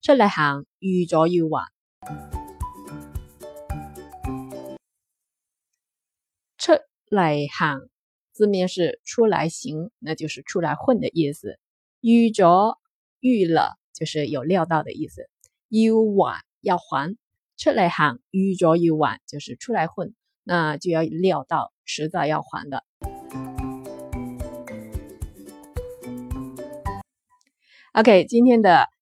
出嚟行，預咗要還。出嚟行，字面是出來行，那就是出來混的意思。預咗，預了，就是有料到的意思。要還，要還。出嚟行，預咗要還，就是出嚟混，那就要料到遲早要還的。OK，今天的。